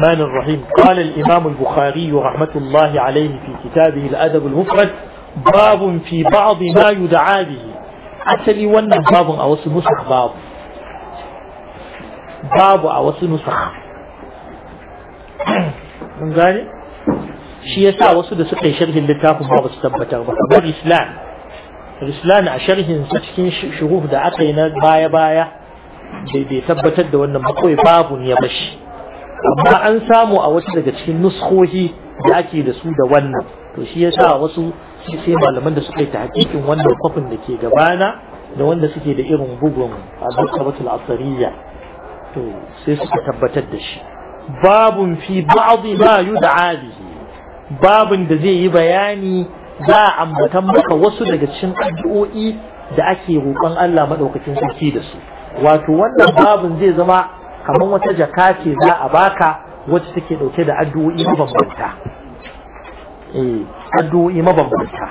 الرحمن الرحيم قال الإمام البخاري رحمة الله عليه في كتابه الأدب المفرد باب في بعض ما يدعى به أسلي ون باب أو نسخ باب باب أو نسخ من ذلك شيء يسعى وصد سقع اللي اللتاف باب بستبت أربع الإسلام الإسلام أشره سكين شغوف دعاقين باية باية بيثبتت دوانا مقوي باب يبشي amma an samu a wasu daga cikin nuskohi da ake da su da wannan to shi yasa wasu shi sai malaman da suka yi tahqiqin wannan kwafin da ke gabana da wanda suke da irin bugun al-mustabatul asariya to sai suka tabbatar da shi babun fi ba'd ma yud'a bihi babun da zai yi bayani za a ambatan maka wasu daga cikin addu'o'i da ake roƙon Allah madaukakin sarki da su wato wannan babun zai zama kamar wata jaka ce za a baka wacce take dauke da addu'o'i mabambanta eh addu'o'i mabambanta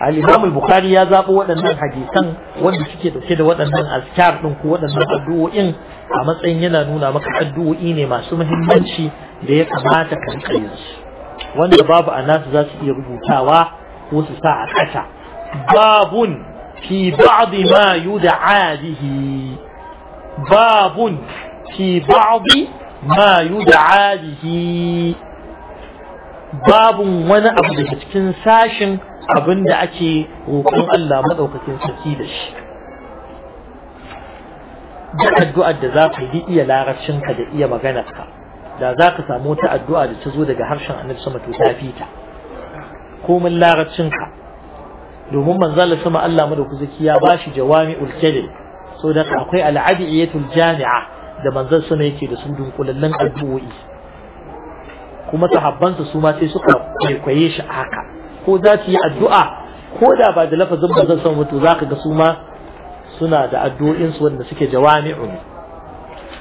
al-Imam al-Bukhari ya zabo waɗannan hadisan wanda suke dauke da waɗannan azkar din ko waɗannan addu'o'in a matsayin yana nuna maka addu'o'i ne masu muhimmanci da ya kamata ka rika yin su wanda babu a nasu za su iya rubutawa ko su sa a kasa babun fi ba'd ma yud'a bihi باب في mayu da يدعى به wani abu أبدا cikin sashin abin da ake roƙon Allah madaukakin sarki da shi da addu'ar da za ka yi iya larabcinka da iya maganarka da za ka samu ta addu'a da ta zo daga harshen annabi sama to ta fita komin larabcinka domin manzala sama Allah madaukaki ya bashi jawami'ul kalim so da akwai al'adiyatul jami'a da manzon sama yake da su dunkulallen addu'o'i kuma sahabbansa su ma sai suka kwaye shi haka ko za su yi addu'a ko da ba da lafazin manzon sama to zaka ga su ma suna da addu'o'in su wanda suke jawami'u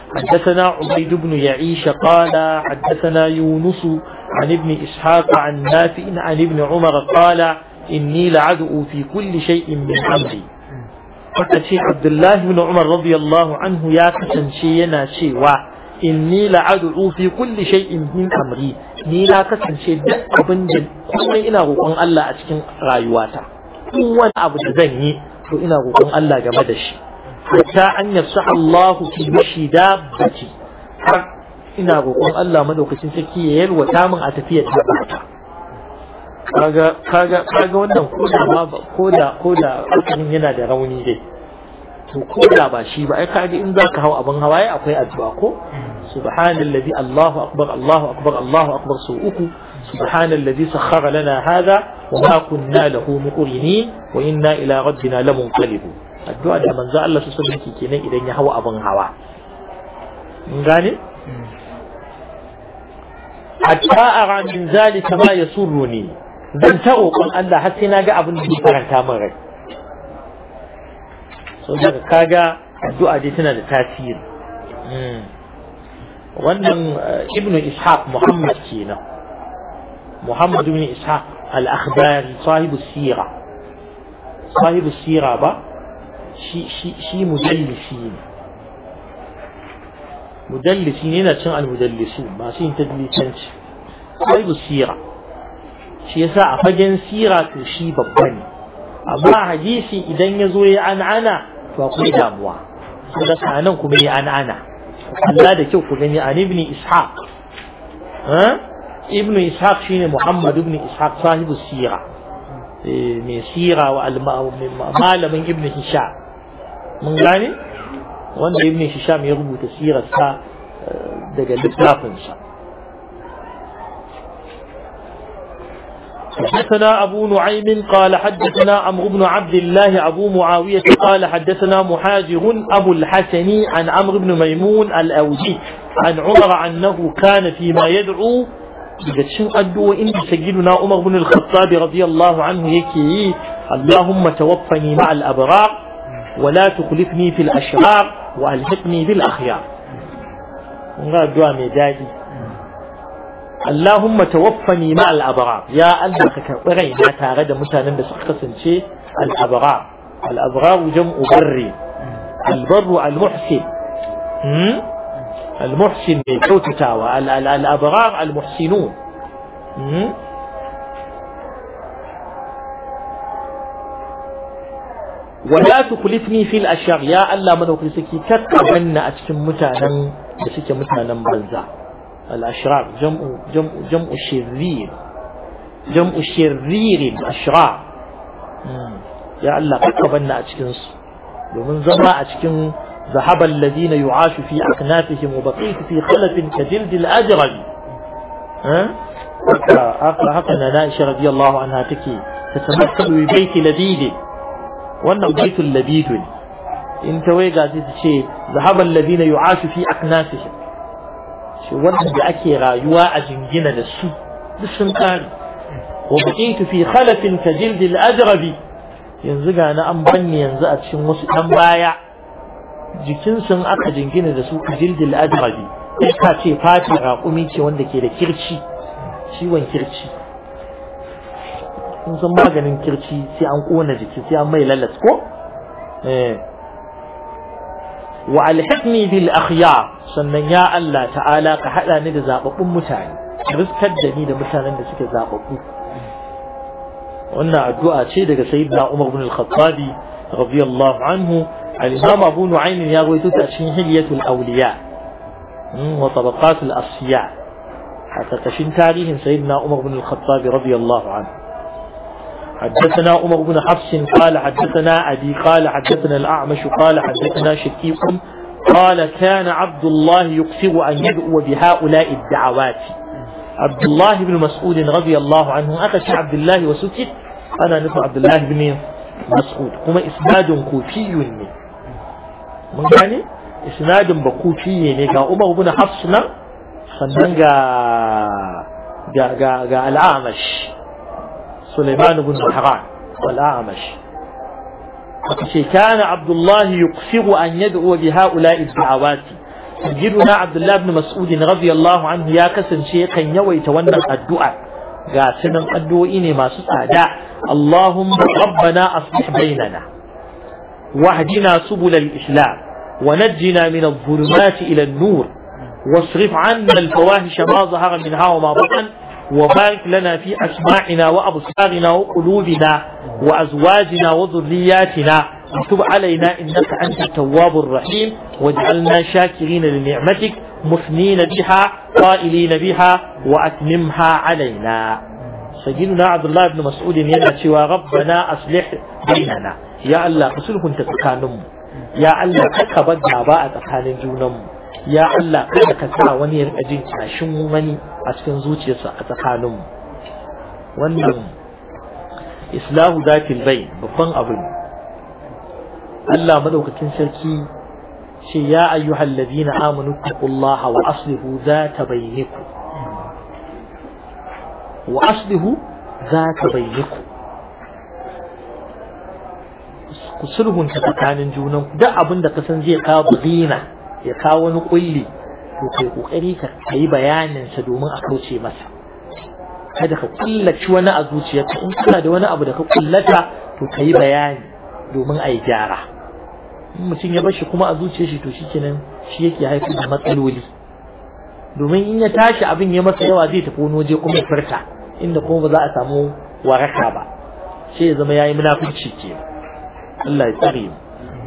حدثنا عبيد بن يعيش قال حدثنا يونس عن ابن إسحاق عن نافع عن ابن عمر قال إني لعدؤ في كل شيء من أمري aka ce Abdullahi bin Umar radiyallahu anhu ya kasance yana cewa inni la'ad'u fi kulli in min amri ni na kasance duk abin da ina roƙon Allah a cikin rayuwata in wani abu da zan yi to ina roƙon Allah game da shi hatta an yafsa Allahu fi mashi dabbati har ina roƙon Allah madaukakin sarki ya yalwata min a tafiyar dabbata kaga kaga kaga wannan koda ma koda koda yana da rauni dai to koda ba shi ba ai kaga in zaka hau abin hawaye akwai addu'a ko subhanallazi Allahu akbar Allahu akbar Allahu akbar su uku subhanallazi sakhara lana hadha wa ma kunna lahu muqrinin wa inna ila rabbina lamunqalibun addu'a da manzo Allah su sunna kenan idan ya hau abin hawa gane hmm. hatta ara min zalika ma yasurruni dan ta roƙon Allah har sai na ga abin da ke faranta min rai so daga kaga addu'a dai tana da tasiri wannan ibn ishaq muhammad kenan muhammad ibn ishaq al-akhbari sahibu sira sahibu sira ba shi shi shi mujallisi ne mujallisi ne yana cin al-mujallisi masu yin tadlisanci sahibu sira shi yasa a fagen sira to shi babba ne amma hadisi idan ya zo ya an'ana to akwai damuwa saboda sanan kuma ya an'ana Allah da kyau ku gani an ibn ishaq eh? ibn ishaq shine muhammad ibn ishaq sahibu sira eh, mai sira wa malamin ibn hisham mun gane wanda ibn hisham ya rubuta sirarsa eh, daga littafinsa حدثنا أبو نعيم قال حدثنا عمرو بن عبد الله أبو معاوية قال حدثنا محاجر أبو الحسن عن عمرو بن ميمون الأوزي عن عمر أنه كان فيما يدعو شن أدو إن سجلنا عمر بن الخطاب رضي الله عنه يكي اللهم توفني مع الأبرار ولا تخلفني في الأشرار وألحقني بالأخيار. ونقول دعاء ميدادي اللهم توفني مع الأبرار يا الله كربري ما تارد متانا بس شيء الأبرار الأبرار جمع بري البر المحسن المحسن من كوتتاوى الأبرار المحسنون ولا تخلفني في الأشياء يا الله من أخلصك كتبن أتكم متانا بسك متانا بلزا الأشرار جمع جمع جمع شرير جمع شرير الأشرار يا الله قبلنا أشكنس ومن زمان أشكن ذهب الذين يعاش في أكنافهم وبقيت في خلف كجلد الأجرم ها أه؟ هكذا نائشة رضي الله عنها تكي تتمثل ببيت لذيذ wannan بيت لبيد إن in ta wai ذهب الذين ce في أكنافهم shi wanda ake rayuwa a jingina da su duk sun kare wa baqitu fi khalafin ka jildil ajrabi yanzu ga na an banne yanzu a cikin wasu ɗan baya jikin sun aka jingina da su ka jildil ajrabi ita ka ce fati raƙumi ce wanda ke da kirci ciwon kirci sun san maganin kirci sai an kona jiki sai an mai lalata ko eh وألحقني بالأخيار سنن يا الله تعالى كحالا ندى زاقبهم متعين رزق الدني دا مثلا نسك زاقبهم وانا الدعاء تشيدة سيدنا عمر بن الخطاب رضي الله عنه الإمام أبو نعيم يروي تشين حلية الأولياء وطبقات الأصياء حتى تشين تاريخ سيدنا عمر بن الخطاب رضي الله عنه حدثنا عمر بن حفص قال حدثنا أبي قال حدثنا الأعمش قال حدثنا شكيق قال كان عبد الله يكثر أن يدعو بهؤلاء الدعوات عبد الله بن مسعود رضي الله عنه أخش عبد الله وسكت أنا نفع عبد الله بن مسعود هما إسناد كوفي من يعني إسناد بكوفي يعني عمر بن حفص sannan جا جا جا العامش سليمان بن مهران والأعمش كان عبد الله يقصر أن يدعو بهؤلاء الدعوات سيدنا عبد الله بن مسعود رضي الله عنه يا كسن شيخا يويت ونن الدعاء قاسنا الدعوين ما سسعدا اللهم ربنا أصلح بيننا واهدنا سبل الإسلام ونجنا من الظلمات إلى النور واصرف عنا الفواحش ما ظهر منها وما بطن وبارك لنا في أسماعنا وأبصارنا وقلوبنا وأزواجنا وذرياتنا وتب علينا إنك أنت التواب الرحيم واجعلنا شاكرين لنعمتك مثنين بها قائلين بها وأتممها علينا سيدنا عبد الله بن مسعود ينأتي ربنا أصلح بيننا يا الله أصلح أنت تكانم يا الله أكبر جاباء تكانم جونم يا الله كنك سا وني رجين تاشم وني أسكن زوجي سا أتخانم ونم إصلاح ذات البين بفن أبن الله مدوك تنسلكي شي يا أيها الذين آمنوا اتقوا الله وأصلحوا ذات بينكم وأصلحوا ذات بينكم kusulhun ta tsakanin junan da abin da ka san zai kawo zina ya kawo wani kulli to kai kokari ka yi bayanin sa domin a kauce masa kada ka kullaci wani a zuciyarka in kana da wani abu da ka kullata to ka bayani domin a yi gyara in mutum ya bashi kuma a zuciyar shi to shikenan shi yake haifar da matsaloli domin in ya tashi abin ya masa yawa zai tafi wani waje kuma furta inda kuma ba za a samu waraka ba sai ya zama ya yi munafurci ke Allah ya tsare mu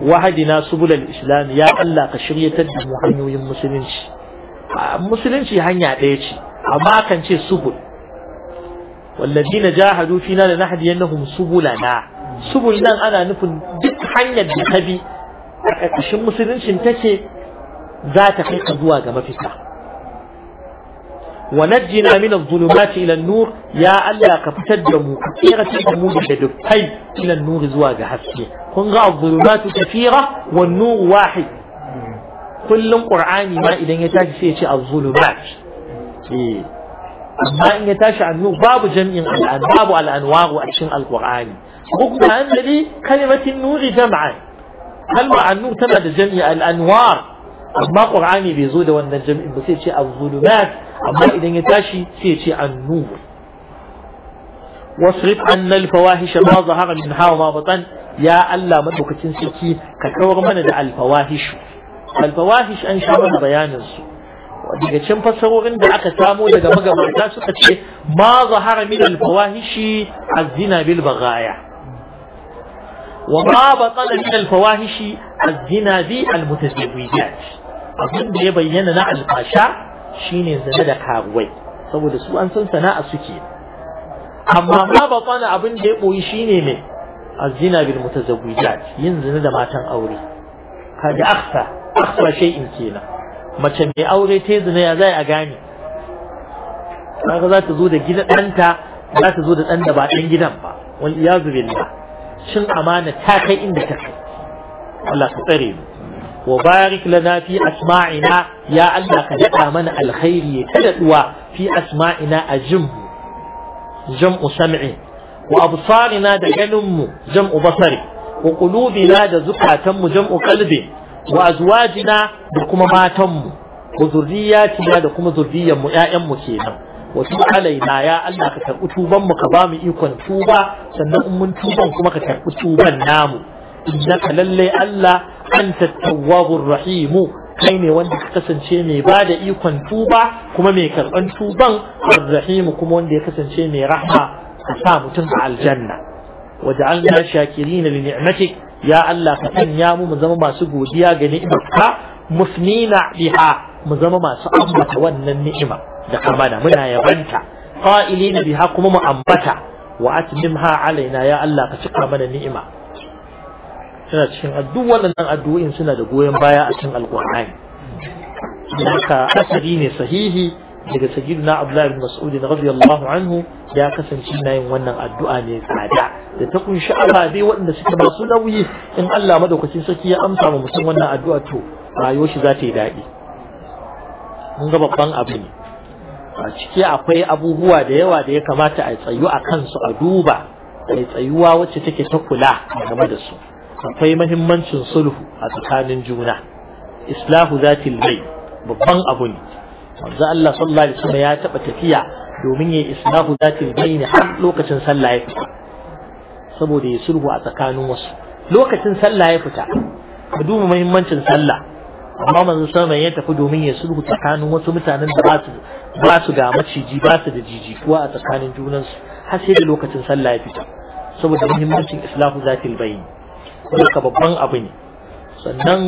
وحدنا سبل الإسلام يا الله كشرية المحمد والمسلمين المسلمين المسلمين هن يعطيك أما كان شيء سبل والذين جاهدوا فينا لنحدي أنهم سبلنا سبلنا أنا نفن جد حنية بكبي المسلمين مسلمين تكي ذات حيث دواء ما فيك ونجنا من الظلمات إلى النور يا الله كتدم كثيرة تدمو بشدفين إلى النور زواج حسكي كنغا الظلمات كثيرة والنور واحد كل قرآن ما إذا يتاج فيه الظلمات ما أما إن يتاج النور باب جمع الآن باب الأنوار وأشن القرآن ربما أن لي كلمة النور جمعا مع النور تمد جميع الأنوار amma qur'ani bai zo da wannan jami'in ba sai ce az-zulumat amma idan ya tashi sai ya ce an-nur wasrif anna al-fawahisha ma zahara min hawa ma batan ya Allah madaukakin sarki ka kawar mana da al-fawahish al-fawahish an sha mana bayanin su daga can fassarorin da aka samo daga magabata suka ce ma zahara min al-fawahishi az-zina bil baghaya وما بطل من الفواحش الزنا بالمتزوجات abin da ya bayyana na alfasha shine zina da karuwai saboda su an san sana'a suke amma ma batana abin da ya boyi shine mai azina bil mutazawwijat yin zina da matan aure kaga akhfa in shay'in kenan mace mai aure ta zina ya zai a gane kaga za ta zo da gidan ɗanta za ta zo da ɗan da ba ɗan gidan ba wal iyazu billah shin amana ta kai inda ta kai Allah ka tsare mu وبارك لنا في أسماعنا يا الله قد آمن الخير كدأوا في أسماعنا أجم جمع سمع وأبصارنا دجنم جمع بصري وقلوبنا تم جمع قلب وأزواجنا دكما ماتم وذرياتنا دكما ذريا مؤيام مكينا وتب علينا يا الله كتب أتوبا مقبام إيقن توبا سنأم من توبا كما كتب أتوبا نامو إنك للي الله anta tawwabur rahim kai ne wanda ka kasance mai ba da ikon tuba kuma mai karban tuban arrahim kuma wanda ya kasance mai rahma ka sa mutum a aljanna waja'alna shakirin li ni'matik ya Allah ka sanya mu mu zama masu godiya ga ni'imarka musnina biha mu zama masu ambata wannan ni'ima da kamana muna yabanta qa'ilina biha kuma mu ambata wa atmimha alaina ya Allah ka cika mana ni'ima Tana cikin duk waɗannan addu'o'in suna da goyon baya a cikin alƙur'ani haka asali ne sahihi daga Abdullahi bin Mas'udi na radiyallahu anhu ya kasance na yin wannan addu'a ne tsada da ta kunshi ababe waɗanda suke masu nauyi in Allah madaukakin sarki ya amsa wa mutum wannan addu'a to rayuwar shi za ta yi daɗi mun ga babban abu ne a ciki akwai abubuwa da yawa da ya kamata a tsayu a kansu a duba a tsayuwa wacce take ta kula game da su akwai mahimmancin sulhu a tsakanin juna islahu zati lai babban abu ne manzo Allah sallallahu alaihi wasallam ya taba tafiya domin ya islahu zati lai ne har lokacin sallah ya fita saboda ya sulhu a tsakanin wasu lokacin sallah ya fita ka duba mahimmancin sallah amma manzo sallallahu ya tafi domin ya sulhu tsakanin wasu mutanen da ba su ba su ga maciji ba su da jiji kuwa a tsakanin junansu har sai da lokacin sallah ya fita saboda muhimmancin islahu lai ne. kuma babban abu ne sannan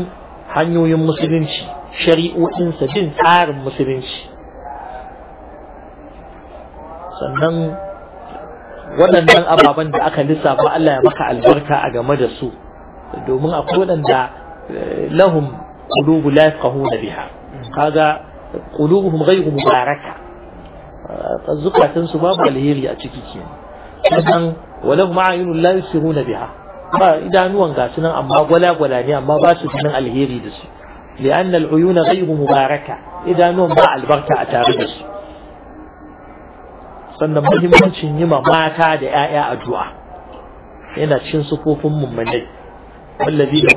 hanyoyin musulunci shari'o'insa bin tsarin musulunci sannan waɗannan ababen da aka lissafa Allah ya maka albarka a game da su domin akwai waɗanda eh, lahum qulubu la yafqahuna biha kaga qulubuhum ghayru mubaraka eh, A su babu alheri a ciki kenan sannan walahum a'yunun la yusiruna biha ba idanuwan gasu nan amma gwala-gwala ne amma ba su ganin alheri da su li'anna al'uyuna ghayru mubaraka idanuwan ba albarka a tare da su sannan muhimmancin yi ma mata da 'ya'ya addu'a yana cin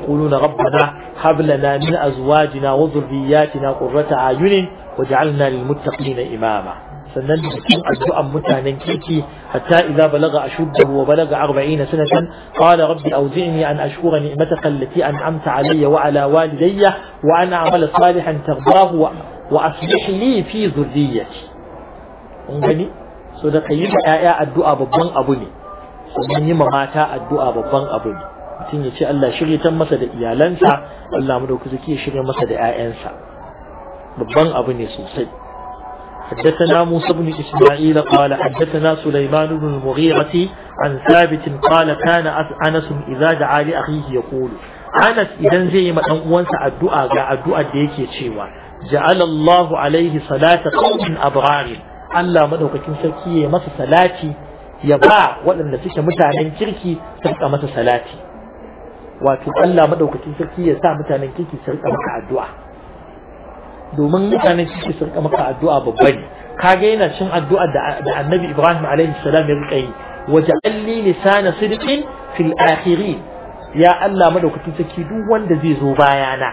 kulu na rabbana hablana min هب لنا من أزواجنا وذرياتنا قرة أعين واجعلنا للمتقين Imama. sannan da cikin addu'an mutanen kirki hatta idza balaga ashuddahu wa balaga 40 sanatan qala rabbi awzi'ni an ashkura ni'mataka allati an'amta alayya wa ala walidayya wa an a'mala salihan tardahu wa aslih li fi dhurriyyati kun gani so da kayi da ƴaƴa addu'a babban abu ne sannan yi ma mata addu'a babban abu ne mutum ya ce Allah shirya masa da iyalansa Allah mu dauki zaki ya shirya masa da ƴaƴansa babban abu ne sosai حدثنا موسى بن إسماعيل قال حدثنا سليمان بن المغيرة عن ثابت قال كان أنس إذا دعا لأخيه يقول أنس إذا زي ما أنوانس الدعاء جاء الدعاء ديكي تشيوا جعل الله عليه صلاة قوم أبرار Allah madaukakin sarki ya masa salati ya ba waɗanda suke mutanen kirki su rika masa salati wato Allah madaukakin sarki ya sa mutanen kirki su rika maka addu'a domin mutane suke sun maka addu'a babba ne kaga yana cin addu'a da annabi ibrahim alaihi salam ya rika yi waja'alni lisana sidqin fil akhirin ya Allah madaukakin saki duk wanda zai zo bayana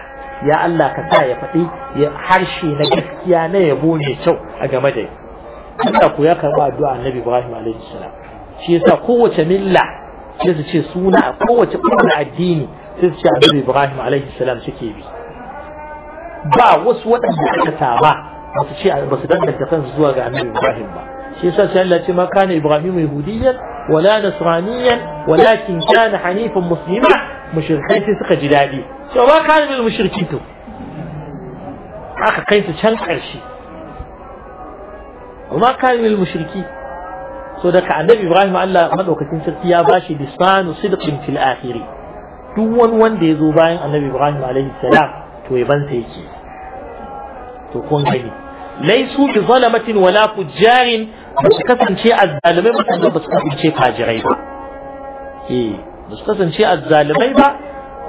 ya Allah ka sa ya faɗi ya harshe na gaskiya na yabo ne kyau a game da Allah ku ya karɓi addu'a annabi ibrahim alaihi salam shi yasa kowace milla sai su ce suna kowace kowane addini sai su ce annabi ibrahim alaihi salam suke bi ba wasu waɗanda suka taba ba su ce ba su danganta kansu zuwa ga annabi Ibrahim ba shi yasa sai Allah ce ma kana Ibrahim yahudiyan wala nasraniyan walakin kana hanifan muslima mushrikai sai suka ji dadi to ba kana bil mushrikin to aka kai su can karshe amma kana bil mushriki so daga annabi Ibrahim Allah madaukakin sarki ya bashi lisanu sidqin fil akhiri duk wani wanda ya zo bayan annabi Ibrahim alaihi salam to yabansa yake to kun laisu bi zalamatin wala fujjarin ba su kasance azzalimai ba kuma ba su kasance fajirai ba eh ba su kasance azzalimai ba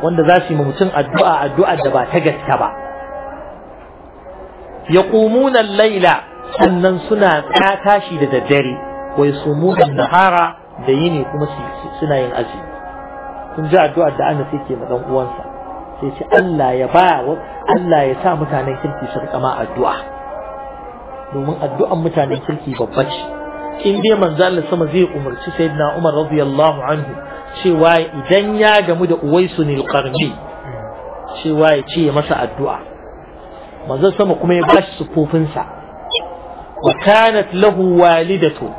wanda za su yi mutum addu'a addu'a da ba ta gaske ba yaqumuna al-laila annan suna ta tashi da daddare wa yasumuna an-nahara da yini kuma suna yin azumi kun ji addu'a da Anas yake ma dan uwansa sai ce Allah ya ba Allah ya sa mutanen kirki su rika ma addu'a domin addu'an mutanen kirki babba ce in dai manzo Allah sama zai umarci sayyidina Umar radiyallahu anhu cewa idan ya gamu da Uwaisun al-Qarni cewa ya ce masa addu'a manzo sama kuma ya bashi sufofin sa wa kanat lahu walidatu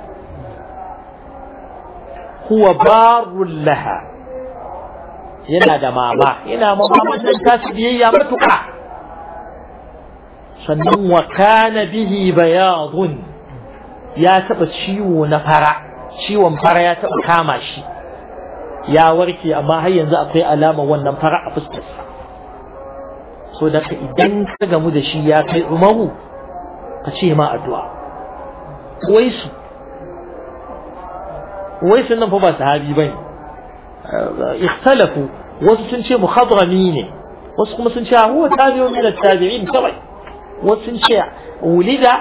huwa barul laha yana da mama ina mama nan ta biyayya matuƙa sannan wa kana bihi bayadun ya taɓa ciwo na fara ciwon fara ya taɓa kama shi ya warke amma har yanzu akwai alama wannan fara a fuskarsa so da idan ka gamu da shi ya kai umaru ka ce ma addu'a waisu waisu nan fa ba sahabi bane ikhtalafu wasu sun ce muhadrami ne wasu kuma sun ce huwa tabi'un min at-tabi'in kawai wasu sun ce wulida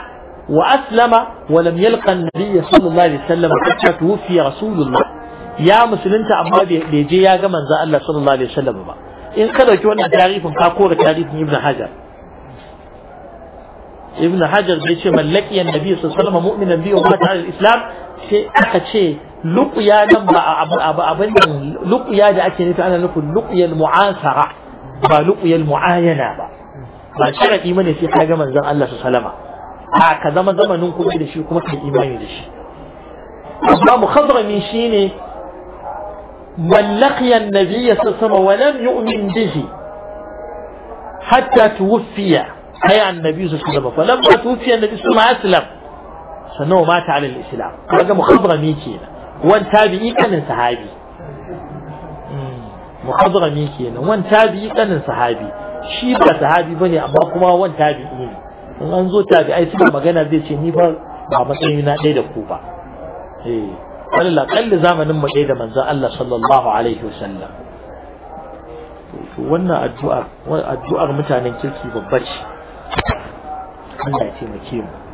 wa aslama wa lam yalqa an-nabiy sallallahu alaihi wasallam hatta tuwfiya rasulullah ya musulunta amma bai je ya ga manzo Allah sallallahu alaihi wasallam ba in ka dauki wannan tarihin ka kora tarihin ibn hajar ibn hajar bai ce mallaki annabi sallallahu alaihi wasallam mu'minan bi wa mata al-islam sai aka ce لقيا نبع أبا أبا أبا لقيا دا أكي نفع نقول لقيا المعاصرة با المعاينة با ما شرق إيماني في حاجة من ذن الله سسلم هكذا ما زمن نقول إلي شيء كما كان إيماني إلي شيء أبا مخضر من شيني من لقي النبي صلى الله عليه وسلم ولم يؤمن به حتى توفي هي النبي صلى الله عليه وسلم فلما توفي النبي صلى الله عليه وسلم سنو مات على الإسلام هذا مخضر من شيني wan tabi'i kanin sahabi hmm. muhadrami kenan wan tabi'i kanin sahabi shi ba sahabi bane amma kuma wan tabi'i ne in an zo tabi'ai suna magana zai ce ni fa ba matsayi na ɗaya da ku ba eh wala zamanin mu ɗaya da manzon Allah sallallahu alaihi Wa sallam. wannan addu'ar addu'ar mutanen kirki babba ce Allah ya taimake mu